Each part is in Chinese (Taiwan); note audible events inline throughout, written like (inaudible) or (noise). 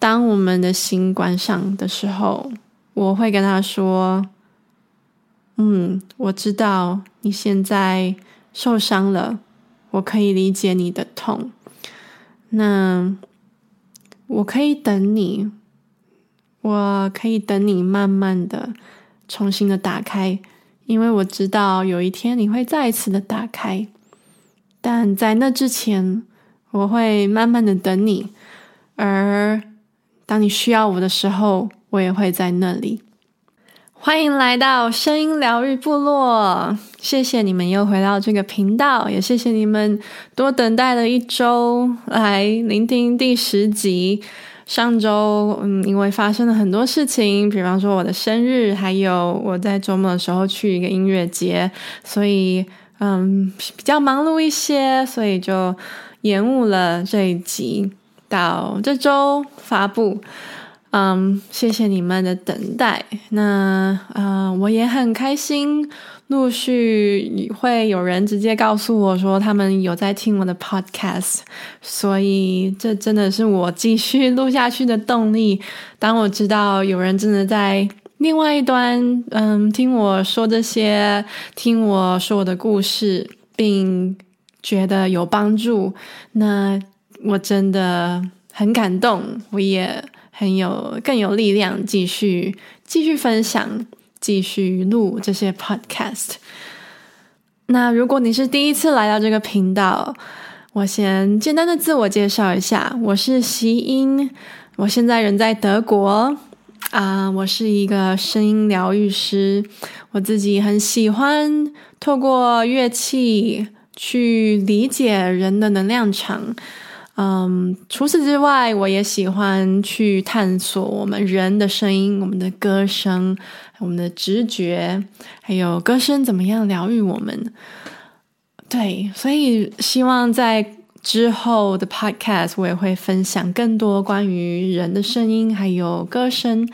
當我們的心關上的時候，我會跟他說：“嗯，我知道你現在受傷了，我可以理解你的痛。那我可以等你，我可以等你慢慢的重新的打開，因為我知道有一天你會再一次的打開。但在那之前，我會慢慢的等你。”而當你需要我的時候，我也會在那裡。歡迎來到聲音療癒部落，謝謝你們又回到這個頻道，也謝謝你們多等待了一周來聆聽第十集。上周，嗯，因為發生了很多事情，比方說我的生日，還有我在周末的時候去一個音樂節，所以，嗯，比較忙碌一些，所以就延誤了這一集。到這周發布，嗯，謝謝你們的等待。那，呃，我也很開心，陸續會有人直接告訴我說他們有在聽我的 podcast，所以這真的是我繼續錄下去的動力。當我知道有人真的在另外一端，嗯，聽我說這些，聽我說我的故事，並覺得有幫助，那。我真的很感動，我也很有更有力量，繼續繼續分享，繼續錄這些 podcast。那如果你是第一次來到這個頻道，我先簡單的自我介紹一下，我是希音，我現在人在德國啊、呃，我是一個聲音療癒師，我自己很喜歡透過樂器去理解人的能量場。嗯，um, 除此之外，我也喜歡去探索我們人的聲音、我們的歌聲、我們的直覺，還有歌聲怎麼樣療愈我們。對，所以希望在之後的 podcast，我也會分享更多關於人的聲音還有歌聲。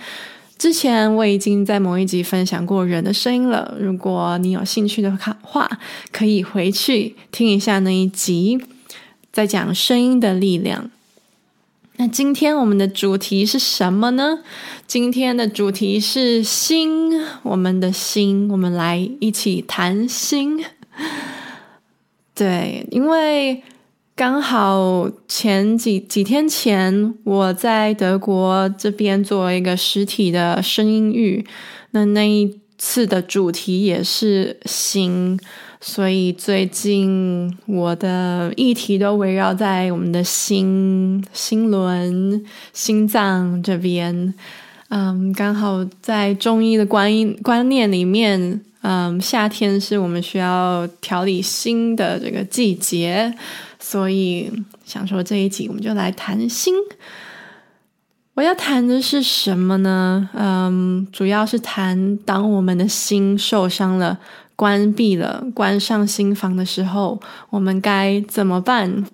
之前我已經在某一集分享過人的聲音了，如果你有興趣的話，可以回去聽一下那一集。在講聲音的力量。那今天我們的主題是什麼呢？今天的主題是心，我們的心，我們來一起談心。對，因為剛好前幾幾天前，我在德國這邊做一個實體的聲音域，那那一次的主題也是心。所以最近我的議題都圍繞在我們的心、心輪、心臟這邊。嗯，剛好在中醫的觀觀念裡面，嗯，夏天是我們需要調理心的這個季節，所以想說這一集我們就來談心。我要談的是什麼呢？嗯，主要是談當我們的心受傷了。關閉了，關上心房的時候，我們該怎麼辦？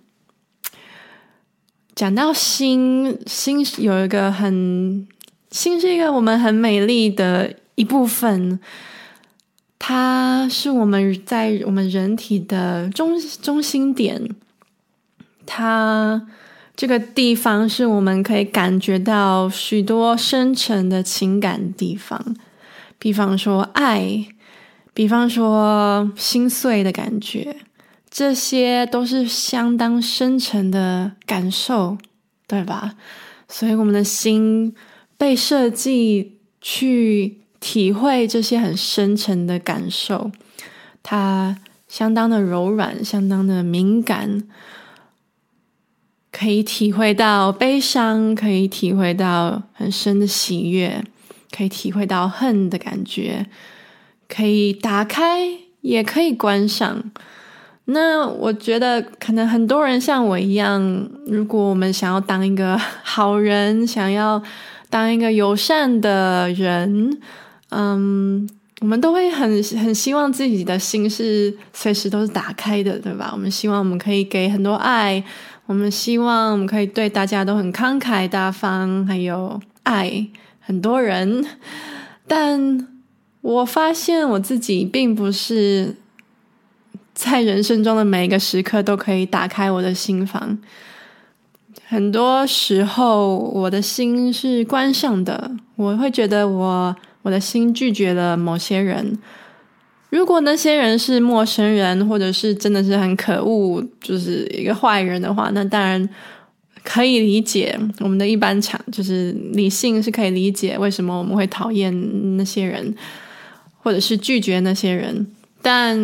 講到心，心有一個很，心是一個我們很美麗的一部分，它是我們在我們人體的中中心點，它這個地方是我們可以感覺到許多深層的情感地方，比方說愛。比方說心碎的感覺，這些都是相當深沉的感受，對吧？所以我們的心被設計去體會這些很深沉的感受，它相當的柔軟，相當的敏感，可以體會到悲傷，可以體會到很深的喜悅，可以體會到恨的感覺。可以打開，也可以關上。那我覺得，可能很多人像我一樣，如果我們想要當一個好人，想要當一個友善的人，嗯，我們都會很很希望自己的心是隨時都是打開的，對吧？我們希望我們可以給很多愛，我們希望我們可以對大家都很慷慨大方，還有愛很多人，但我發現我自己並不是在人生中的每一個時刻都可以打開我的心房。很多時候，我的心是關上的。我會覺得我我的心拒絕了某些人。如果那些人是陌生人，或者是真的是很可惡，就是一個壞人的話，那當然可以理解。我們的一般場就是理性是可以理解為什麼我們會討厭那些人。或者是拒絕那些人，但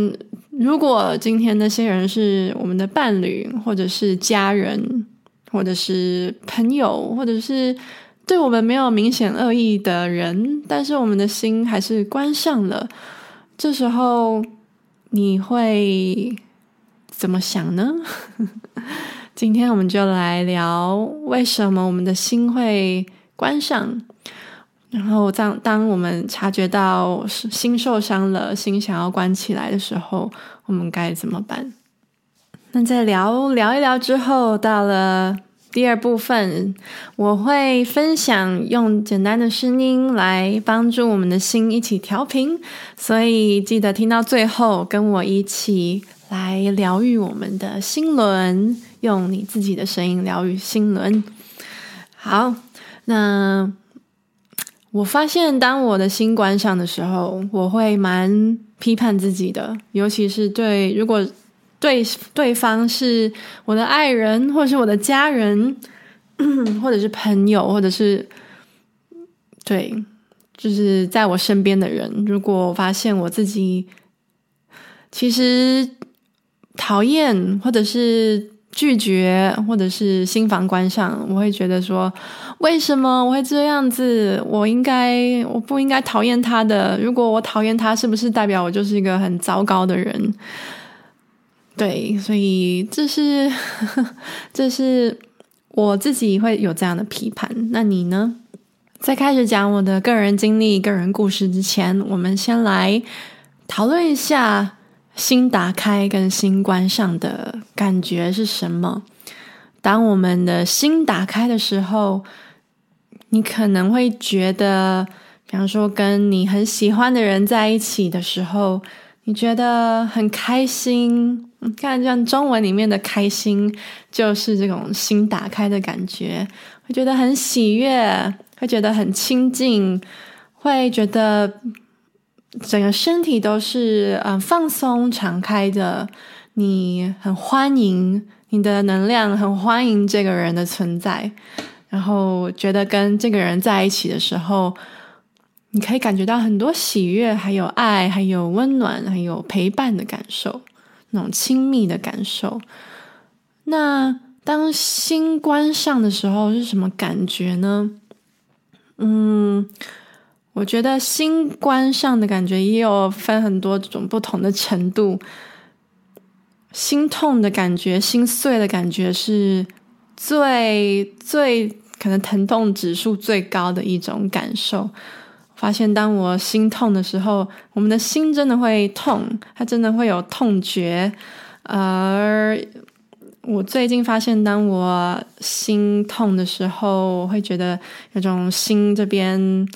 如果今天那些人是我們的伴侶，或者是家人，或者是朋友，或者是對我們沒有明顯惡意的人，但是我們的心還是關上了，這時候你會怎麼想呢？ (laughs) 今天我們就來聊為什麼我們的心會關上。然後，當當我們察覺到心受傷了，心想要關起來的時候，我們該怎麼辦？那在聊聊一聊之後，到了第二部分，我會分享用簡單的聲音來幫助我們的心一起調頻。所以記得聽到最後，跟我一起來療癒我們的心輪，用你自己的聲音療癒心輪。好，那。我發現，當我的心關上的時候，我會蠻批判自己的，尤其是對，如果對，對方是我的愛人，或者是我的家人，或者是朋友，或者是對，就是在我身邊的人，如果我發現我自己其實討厭，或者是拒絕，或者是心房關上，我會覺得說，為什麼我會這樣子？我應該，我不應該討厭他的。如果我討厭他，是不是代表我就是一個很糟糕的人？對，所以這是，這是我自己會有這樣的批判。那你呢？在開始講我的個人經歷、個人故事之前，我們先來討論一下。心打開跟心關上的感覺是什麼？當我們的心打開的時候，你可能會覺得，比方說跟你很喜歡的人在一起的時候，你覺得很開心。你看，像中文裡面的“開心”，就是這種心打開的感覺，會覺得很喜悅，會覺得很親近，會覺得。整個身體都是嗯、呃、放鬆敞開的，你很歡迎你的能量，很歡迎這個人的存在，然後覺得跟這個人在一起的時候，你可以感覺到很多喜悅，還有愛，還有溫暖，還有陪伴的感受，那種親密的感受。那當心關上的時候是什麼感覺呢？嗯。我覺得心關上的感覺也有分很多種不同的程度，心痛的感覺、心碎的感覺是最最可能疼痛指數最高的一種感受。發現當我心痛的時候，我們的心真的會痛，它真的會有痛覺。而我最近發現，當我心痛的時候，我會覺得有種心這邊。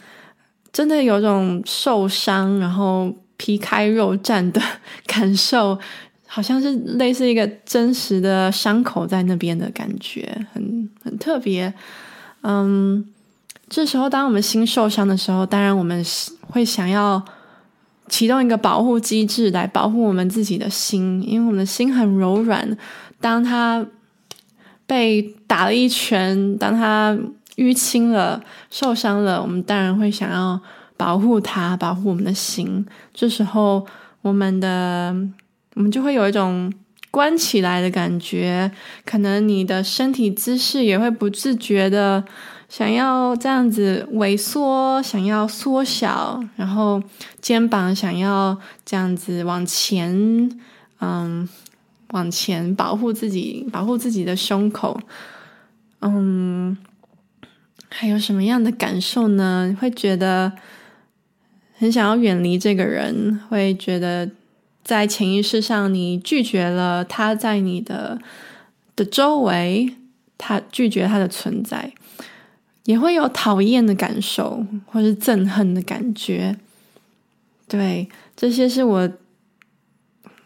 真的有種受傷，然後皮開肉綻的感受，好像是類似一個真實的傷口在那邊的感覺，很很特別。嗯，這時候當我們心受傷的時候，當然我們會想要啟動一個保護機制來保護我們自己的心，因為我們的心很柔軟，當他被打了一拳，當他……淤青了，受傷了，我們當然會想要保護它，保護我們的心。這時候，我們的我們就會有一種關起來的感覺。可能你的身體姿勢也會不自覺的想要這樣子萎縮，想要縮小，然後肩膀想要這樣子往前，嗯，往前保護自己，保護自己的胸口，嗯。還有什麼樣的感受呢？你會覺得很想要遠離這個人，會覺得在潛意識上你拒絕了他在你的的周圍，他拒絕他的存在，也會有討厭的感受，或是憎恨的感覺。對，這些是我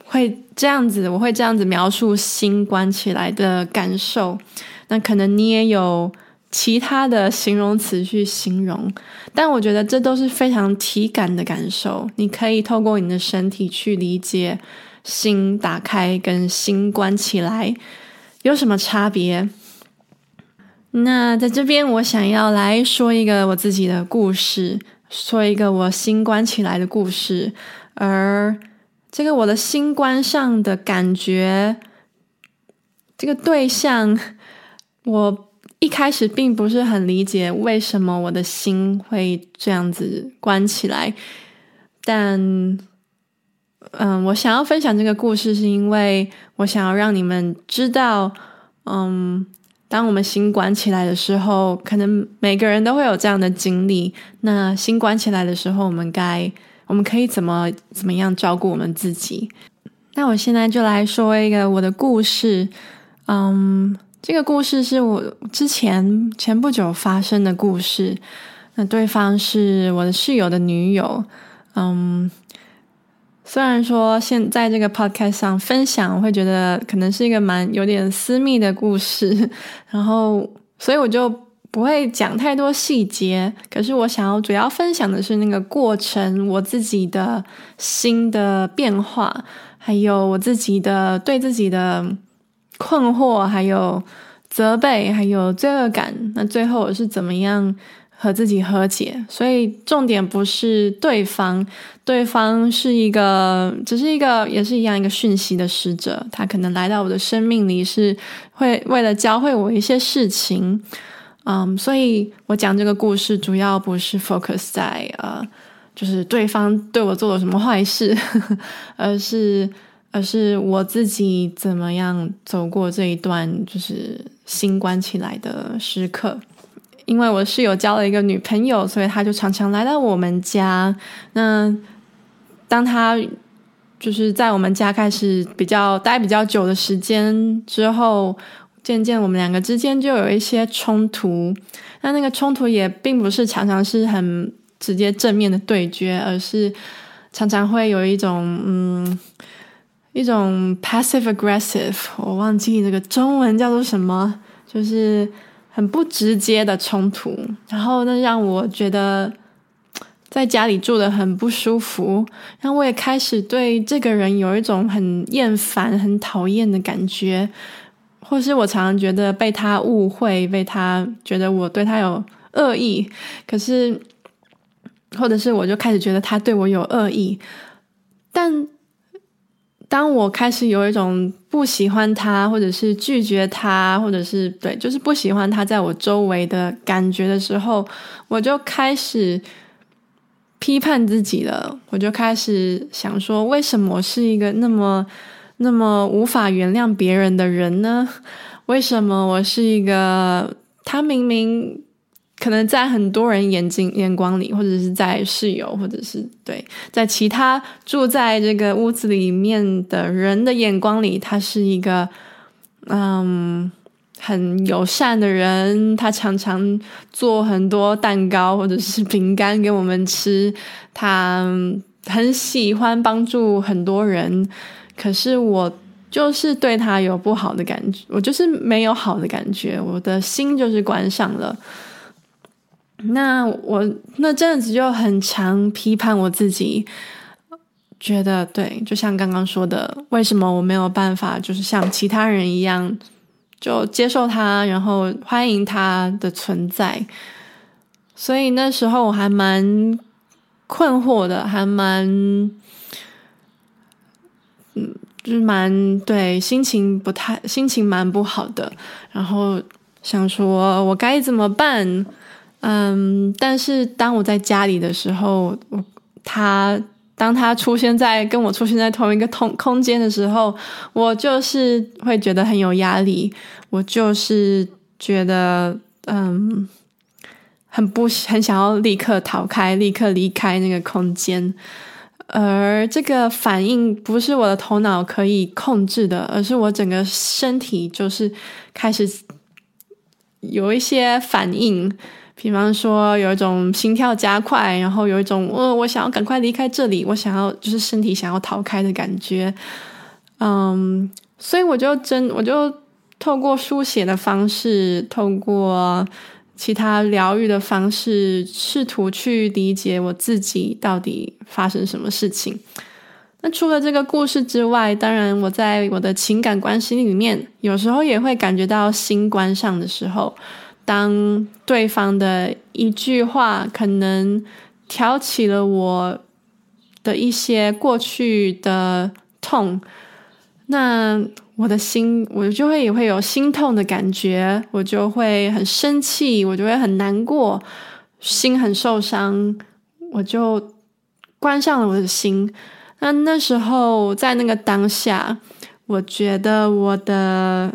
會這樣子，我會這樣子描述心關起來的感受。那可能你也有。其他的形容詞去形容，但我覺得這都是非常體感的感受。你可以透過你的身體去理解，心打開跟心關起來有什麼差別？那在這邊，我想要來說一個我自己的故事，說一個我心關起來的故事。而這個我的心關上的感覺，這個對象，我。一開始並不是很理解為什麼我的心會這樣子關起來，但，嗯，我想要分享這個故事，是因為我想要讓你們知道，嗯，當我們心關起來的時候，可能每個人都會有這樣的經歷。那心關起來的時候，我們該，我們可以怎麼怎麼樣照顧我們自己？那我現在就來說一個我的故事，嗯。這個故事是我之前前不久發生的故事。那對方是我的室友的女友。嗯，雖然說現在這個 podcast 上分享，我會覺得可能是一個蠻有點私密的故事，然後所以我就不會講太多細節。可是我想要主要分享的是那個過程，我自己的心的變化，還有我自己的對自己的。困惑，還有責備，還有罪惡感。那最後我是怎麼樣和自己和解？所以重點不是對方，對方是一個，只是一個，也是一樣一個訊息的使者。他可能來到我的生命裡，是會為了教會我一些事情。嗯、um，所以我講這個故事，主要不是 focus 在呃，就是對方對我做了什麼壞事，呵呵，而是。而是我自己怎麼樣走過這一段，就是心關起來的時刻。因為我室友交了一個女朋友，所以她就常常來到我們家。那當她就是在我們家開始比較待比較久的時間之後，漸漸我們兩個之間就有一些衝突。那那個衝突也並不是常常是很直接正面的對決，而是常常會有一種嗯。一種 passive aggressive，我忘記這個中文叫做什麼，就是很不直接的衝突，然後那讓我覺得在家裡住得很不舒服，然後我也開始對這個人有一種很厭煩、很討厭的感覺，或是我常常覺得被他誤會，被他覺得我對他有惡意，可是，或者是我就開始覺得他對我有惡意，但。當我開始有一種不喜歡他，或者是拒絕他，或者是對，就是不喜歡他在我周圍的感覺的時候，我就開始批判自己了。我就開始想說，為什麼我是一個那麼那麼無法原諒別人的人呢？為什麼我是一個他明明？可能在很多人眼睛眼光裡，或者是在室友，或者是對在其他住在這個屋子裡面的人的眼光裡，他是一個嗯很友善的人。他常常做很多蛋糕或者是餅乾給我們吃，他很喜歡幫助很多人。可是我就是對他有不好的感覺，我就是沒有好的感覺，我的心就是關上了。那我那陣子就很常批判我自己，覺得對，就像剛剛說的，為什麼我沒有辦法就是像其他人一樣，就接受他，然後歡迎他的存在？所以那時候我還蠻困惑的，還蠻，嗯，就是蠻對，心情不太，心情蠻不好的，然後想說我該怎麼辦？嗯，但是當我在家裡的時候，我，他當他出現在跟我出現在同一個空空間的時候，我就是會覺得很有壓力，我就是覺得嗯，很不很想要立刻逃開，立刻離開那個空間。而這個反應不是我的頭腦可以控制的，而是我整個身體就是開始有一些反應。比方說，有一種心跳加快，然後有一種，呃我想要趕快離開這裡，我想要就是身體想要逃開的感覺，嗯、um，所以我就真我就透過書寫的方式，透過其他療癒的方式，試圖去理解我自己到底發生什麼事情。那除了這個故事之外，當然我在我的情感關係裡面，有時候也會感覺到心關上的時候。當對方的一句話可能挑起了我的一些過去的痛，那我的心，我就會也會有心痛的感覺，我就會很生氣，我就會很難過，心很受傷，我就關上了我的心。那那時候在那個當下，我覺得我的。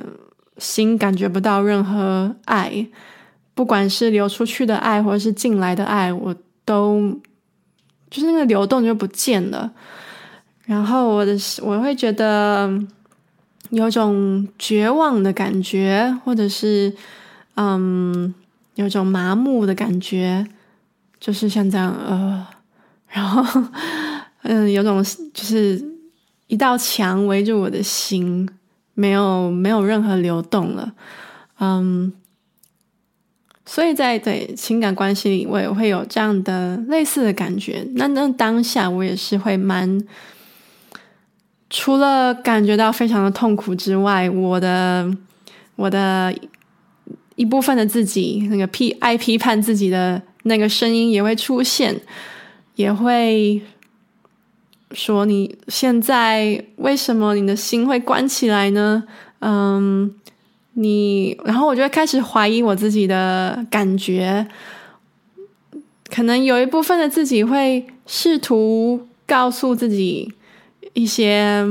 心感覺不到任何愛，不管是流出去的愛，或者是進來的愛，我都就是那個流動就不見了。然後我的我會覺得有種絕望的感覺，或者是嗯，有種麻木的感覺，就是像這樣呃，然後嗯，有種就是一道牆圍着我的心。沒有沒有任何流動了，嗯，um，所以在對情感關係裡，我也會有這樣的類似的感覺。那那當下我也是會蠻，除了感覺到非常的痛苦之外，我的我的一部分的自己，那個批愛批判自己的那個聲音也會出現，也會。說，你現在為什麼你的心會關起來呢？嗯，你然後我就會開始懷疑我自己的感覺，可能有一部分的自己會試圖告訴自己一些，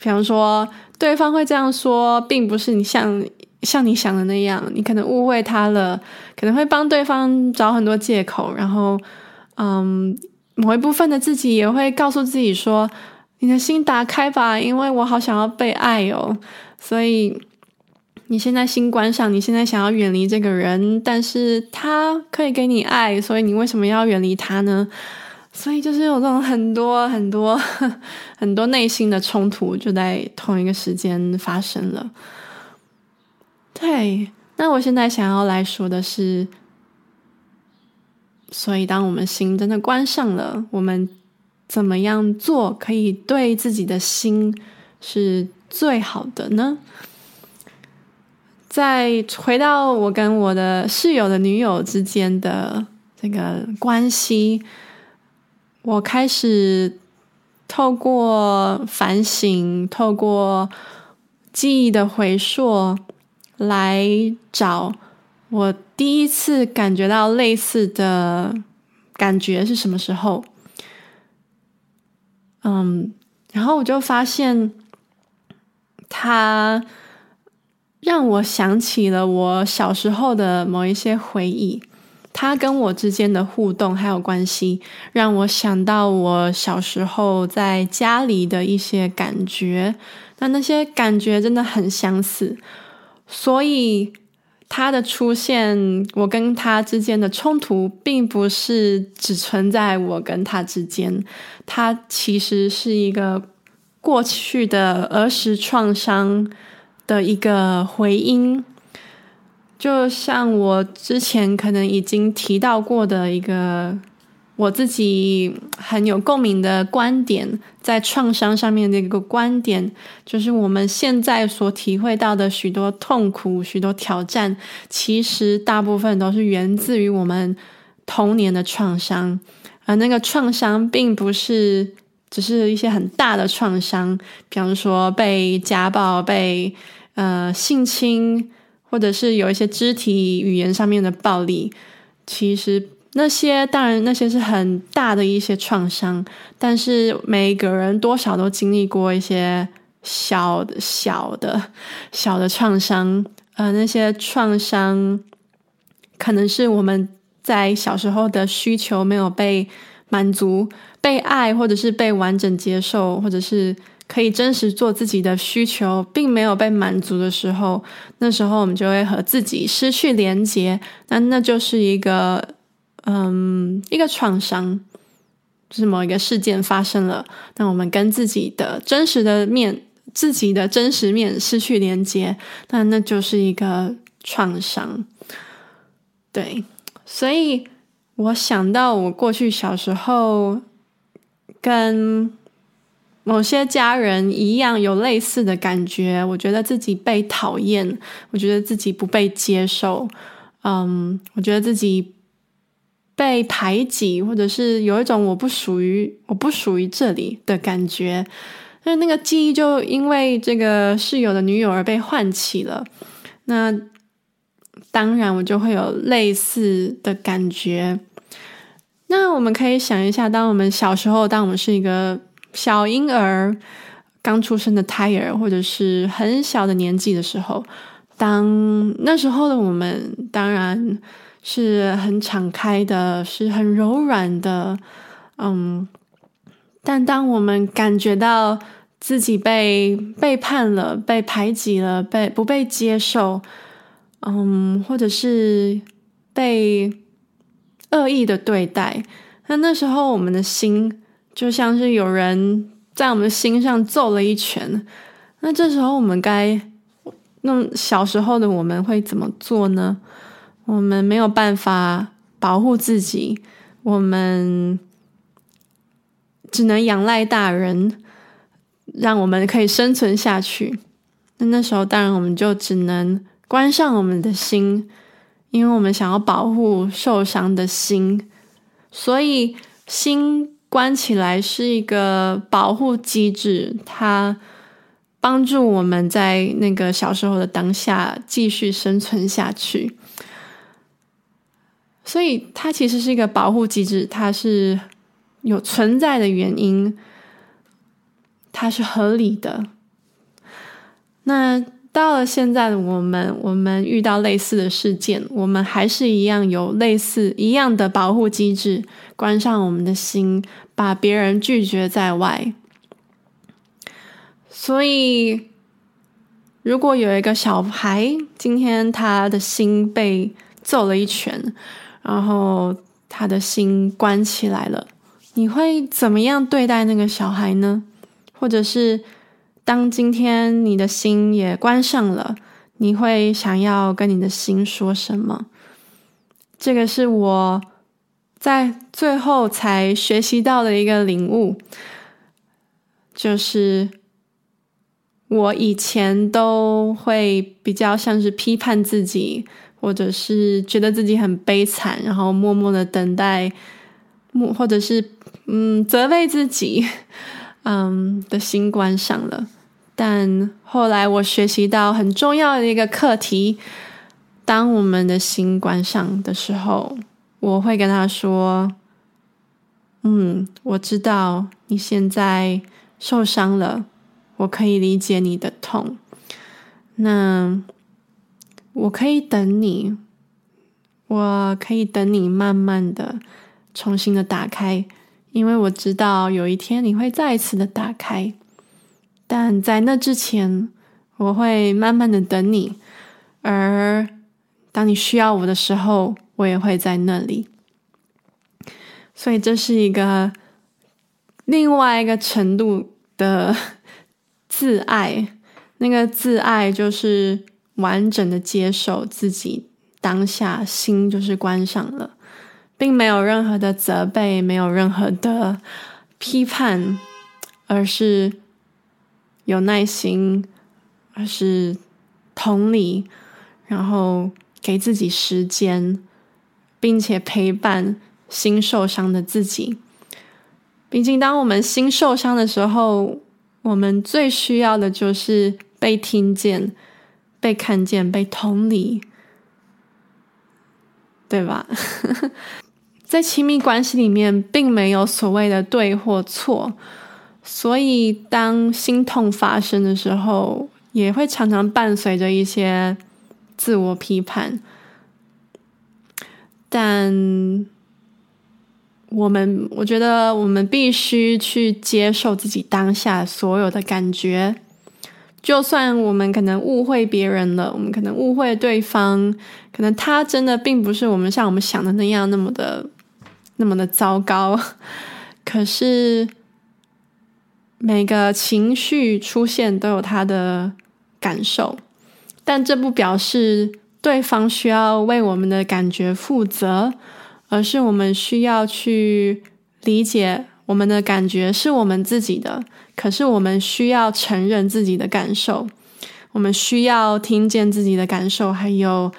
比方說對方會這樣說，並不是你像、像你想的那樣，你可能誤會他了，可能會幫對方找很多借口，然後，嗯。某一部分的自己也會告訴自己說：“你的心打開吧，因為我好想要被愛哦。”所以你現在心關上，你現在想要遠離這個人，但是他可以給你愛，所以你為什麼要遠離他呢？所以就是有這種很多很多很多內心的衝突，就在同一個時間發生了。對，那我現在想要來說的是。所以，當我們心真的關上了，我們怎麼樣做可以對自己的心是最好的呢？再回到我跟我的室友的女友之間的這個關係，我開始透過反省，透過記憶的回溯來找我。第一次感覺到類似的感覺是什麼時候？嗯，然後我就發現他讓我想起了我小時候的某一些回憶，他跟我之間的互動還有關係，讓我想到我小時候在家裡的一些感覺，那那些感覺真的很相似，所以。他的出現，我跟他之間的衝突，並不是只存在我跟他之間，他其實是一個過去的兒時創傷的一個回音，就像我之前可能已經提到過的一個。我自己很有共鳴的觀點，在創傷上面的一個觀點，就是我們現在所體會到的許多痛苦、許多挑戰，其實大部分都是源自於我們童年的創傷。而那個創傷，並不是只是一些很大的創傷，比方說被家暴、被呃性侵，或者是有一些肢體、語言上面的暴力，其實。那些當然，那些是很大的一些創傷，但是每一個人多少都經歷過一些小的小的、小的創傷。呃，那些創傷可能是我們在小時候的需求沒有被滿足、被愛，或者是被完整接受，或者是可以真實做自己的需求，並沒有被滿足的時候，那時候我們就會和自己失去連接。那那就是一個。嗯，um, 一個創傷就是某一個事件發生了，那我們跟自己的真實的面、自己的真實面失去連接，那那就是一個創傷。對，所以我想到我過去小時候跟某些家人一樣有類似的感覺，我覺得自己被討厭，我覺得自己不被接受，嗯，um, 我覺得自己。被排擠，或者是有一種我不屬於、我不屬於這裡的感覺，那那個記憶就因為這個室友的女友而被喚起了。那當然，我就會有類似的感覺。那我們可以想一下，當我們小時候，當我們是一個小嬰兒、剛出生的胎兒，或者是很小的年紀的時候，當那時候的我們，當然。是很敞開的，是很柔軟的，嗯。但當我們感覺到自己被背叛了、被排擠了、被不被接受，嗯，或者是被惡意的對待，那那時候我們的心就像是有人在我們心上揍了一拳。那這時候我們該，那小時候的我們會怎麼做呢？我們沒有辦法保護自己，我們只能仰賴大人，讓我們可以生存下去。那那時候，當然我們就只能關上我們的心，因為我們想要保護受傷的心。所以，心關起來是一個保護機制，它幫助我們在那個小時候的當下繼續生存下去。所以它其實是一個保護機制，它是有存在的原因，它是合理的。那到了現在的我們，我們遇到類似的事件，我們還是一樣有類似一樣的保護機制，關上我們的心，把別人拒絕在外。所以，如果有一個小孩今天他的心被揍了一拳，然後他的心關起來了，你會怎麼樣對待那個小孩呢？或者是當今天你的心也關上了，你會想要跟你的心說什麼？這個是我在最後才學習到的一個領悟，就是我以前都會比較像是批判自己。或者是覺得自己很悲慘，然後默默的等待，或者是嗯責備自己，嗯的心關上了。但後來我學習到很重要的一個課題：當我們的心關上的時候，我會跟他說：“嗯，我知道你現在受傷了，我可以理解你的痛。”那。我可以等你，我可以等你慢慢的重新的打開，因為我知道有一天你會再一次的打開，但在那之前，我會慢慢的等你，而當你需要我的時候，我也會在那裡。所以這是一個另外一個程度的自愛，那個自愛就是。完整的接受自己當下，心就是關上了，並沒有任何的責備，沒有任何的批判，而是有耐心，而是同理，然後給自己時間，並且陪伴心受傷的自己。畢竟，當我們心受傷的時候，我們最需要的就是被聽見。被看見，被同理，對吧？ (laughs) 在親密關係裡面，並沒有所謂的對或錯，所以當心痛發生的時候，也會常常伴隨着一些自我批判。但我們，我覺得我們必須去接受自己當下所有的感覺。就算我們可能誤會別人了，我們可能誤會對方，可能他真的並不是我們像我們想的那樣那麼的那麼的糟糕。可是每個情緒出現都有他的感受，但這不表示對方需要為我們的感覺負責，而是我們需要去理解。我們的感覺是我們自己的，可是我們需要承認自己的感受，我們需要聽見自己的感受，還有，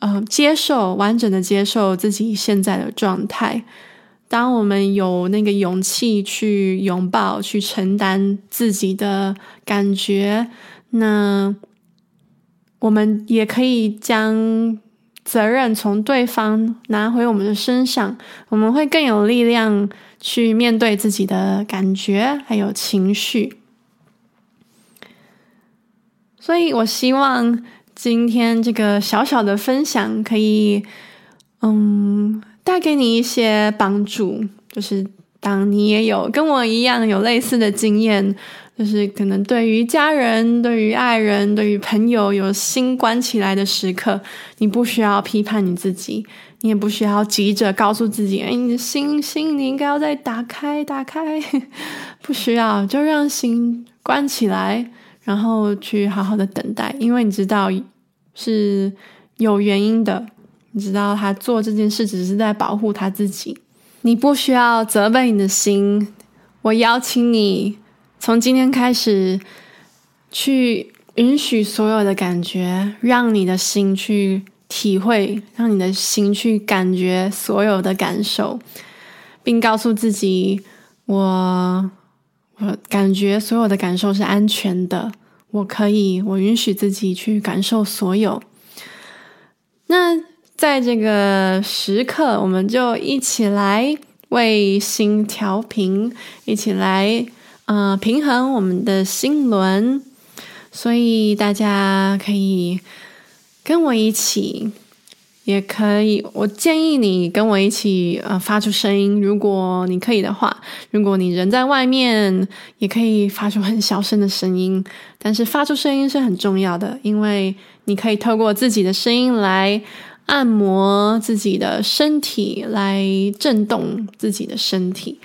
呃，接受完整的接受自己現在的狀態。當我們有那個勇氣去擁抱、去承擔自己的感覺，那我們也可以將責任從對方拿回我們的身上，我們會更有力量。去面對自己的感覺，還有情緒。所以我希望今天這個小小的分享，可以嗯帶給你一些幫助。就是當你也有跟我一樣有類似的經驗，就是可能對於家人、對於愛人、對於朋友有心關起來的時刻，你不需要批判你自己。你也不需要急着告訴自己，哎，你的心心你應該要再打開打開， (laughs) 不需要，就讓心關起來，然後去好好的等待，因為你知道是有原因的，你知道他做這件事只是在保護他自己，你不需要責備你的心，我邀請你從今天開始去允許所有的感覺，讓你的心去。體會，讓你的心去感覺所有的感受，並告訴自己：“我，我感覺所有的感受是安全的。我可以，我允許自己去感受所有。”那在這個時刻，我們就一起來為心調頻，一起來呃平衡我們的心輪，所以大家可以。跟我一起也可以，我建議你跟我一起，呃，發出聲音。如果你可以的話，如果你人在外面，也可以發出很小聲的聲音。但是發出聲音是很重要的，因為你可以透過自己的聲音來按摩自己的身體，來震動自己的身體。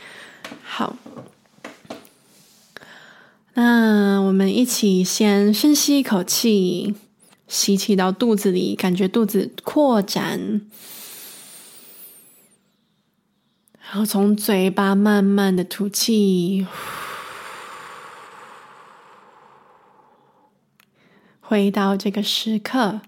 好，那我們一起先深吸一口氣。吸氣到肚子裡，感覺肚子擴展，然後從嘴巴慢慢的吐氣，回到這個時刻。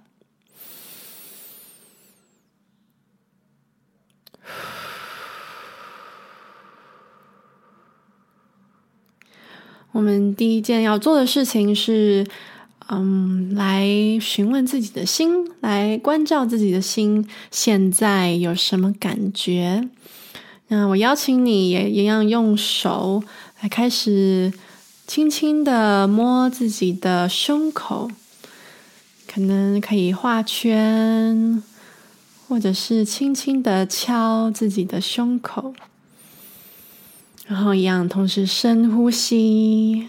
我們第一件要做的事情是。嗯，um, 來詢問自己的心，來關照自己的心，現在有什麼感覺？那我邀請你也一樣，用手來開始，輕輕的摸自己的胸口，可能可以畫圈，或者是輕輕的敲自己的胸口，然後一樣同時深呼吸。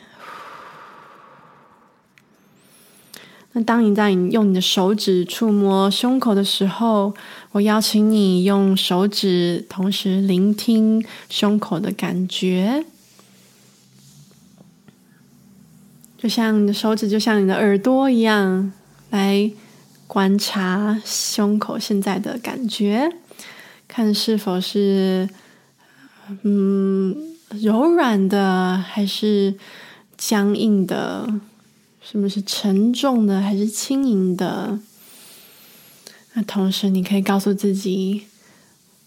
當你在用你的手指觸摸胸口的時候，我邀請你用手指同時聆聽胸口的感覺，就像你的手指，就像你的耳朵一樣，來觀察胸口現在的感覺，看是否是嗯柔軟的還是僵硬的。什麼是，是沉重的，還是輕盈的？那同時，你可以告訴自己：“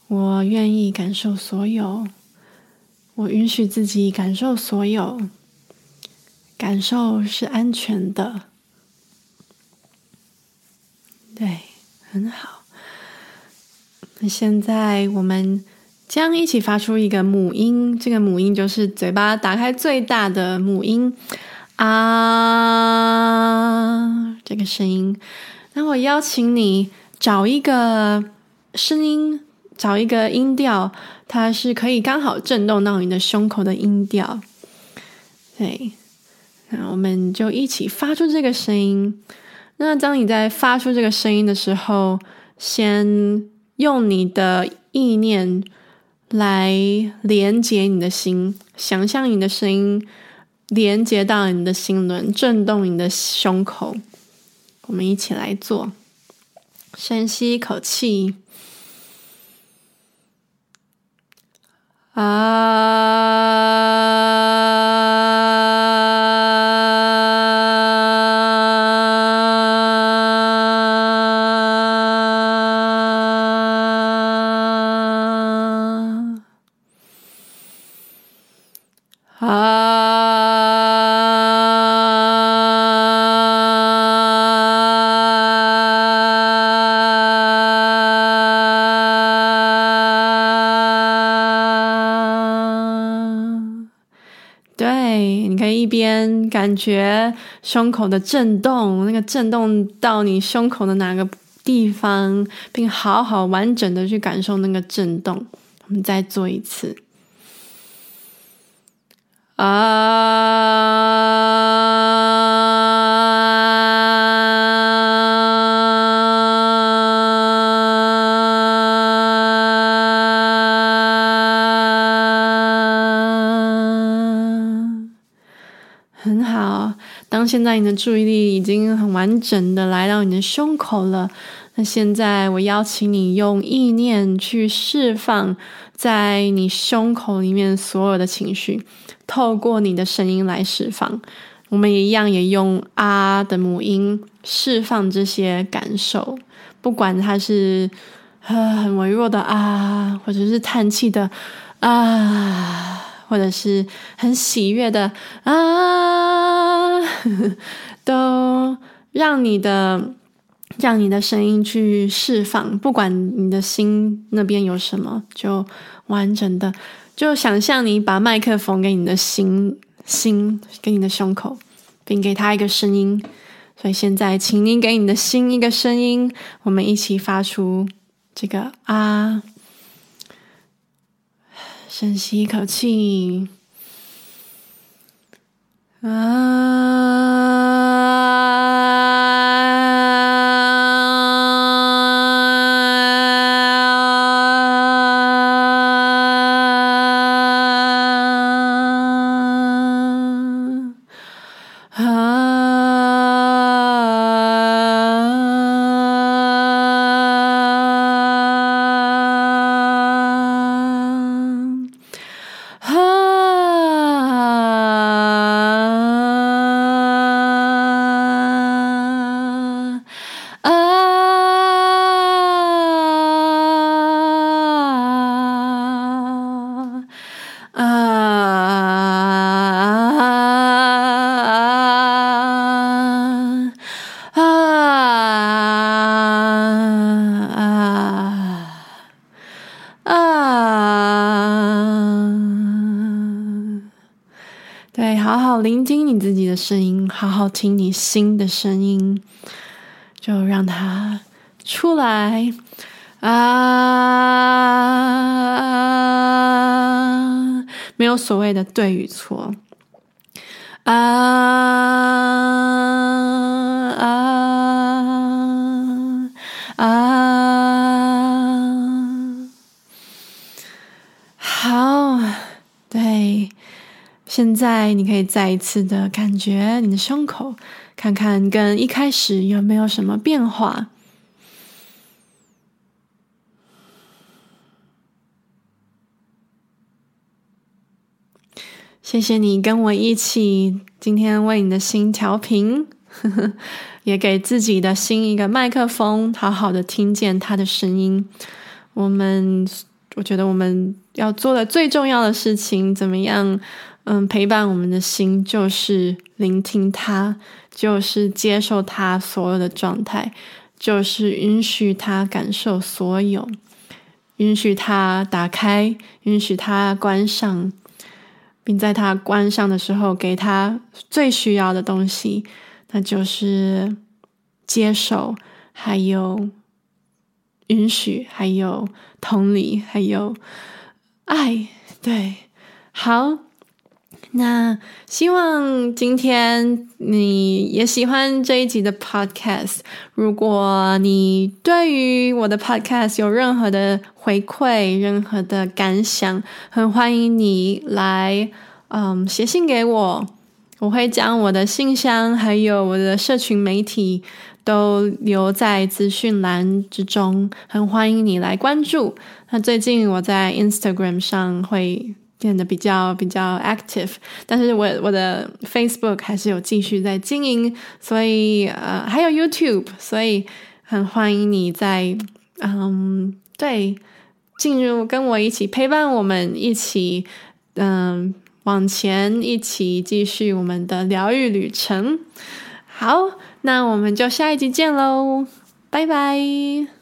我願意感受所有，我允許自己感受所有。感受是安全的。”對，很好。那現在我們將一起發出一個母音，這個母音就是嘴巴打開最大的母音。啊，這個聲音。那我邀請你找一個聲音，找一個音調，它是可以剛好震動到你的胸口的音調。對，那我們就一起發出這個聲音。那當你在發出這個聲音的時候，先用你的意念來連接你的心，想象你的聲音。連接到你的心輪，震動你的胸口。我們一起來做，深吸一口氣，啊。覺胸口的震動，那個震動到你胸口的哪個地方，並好好完整的去感受那個震動。我們再做一次，啊、uh。很好，當現在你的注意力已經很完整的來到你的胸口了，那現在我邀請你用意念去釋放在你胸口裡面所有的情緒，透過你的聲音來釋放。我們也一樣，也用啊的母音釋放這些感受，不管它是啊、呃、很微弱的啊，或者是嘆氣的啊。或者是很喜悅的啊，都讓你的讓你的聲音去釋放，不管你的心那邊有什麼，就完整的，就想象你把麥克風給你的心，心給你的胸口，並給他一個聲音。所以現在，請你給你的心一個聲音，我們一起發出這個啊。深吸一口氣，啊、uh。聆聽你自己的聲音，好好聽你心的聲音，就讓它出來啊，啊！沒有所謂的對與錯啊！啊！現在你可以再一次的感覺你的胸口，看看跟一開始有沒有什麼變化。謝謝你跟我一起今天為你的心調頻，呵呵，也給自己的心一個麥克風，好好的聽見它的聲音。我們，我覺得我們要做的最重要的事情，怎麼樣？嗯，陪伴我們的心就是聆聽他，就是接受他所有的狀態，就是允許他感受所有，允許他打開，允許他關上，並在他關上的時候給他最需要的東西，那就是接受，還有允許，還有同理，還有愛。對，好。那希望今天你也喜歡這一集的 podcast。如果你對於我的 podcast 有任何的回饋、任何的感想，很歡迎你來嗯寫信給我。我會將我的信箱還有我的社群媒體都留在資訊欄之中，很歡迎你來關注。那最近我在 Instagram 上會。變得比較比較 active，但是我我的 Facebook 還是有繼續在經營，所以呃還有 YouTube，所以很歡迎你在嗯對進入跟我一起陪伴我們一起嗯、呃、往前一起繼續我們的療癒旅程。好，那我們就下一集見嘍，拜拜。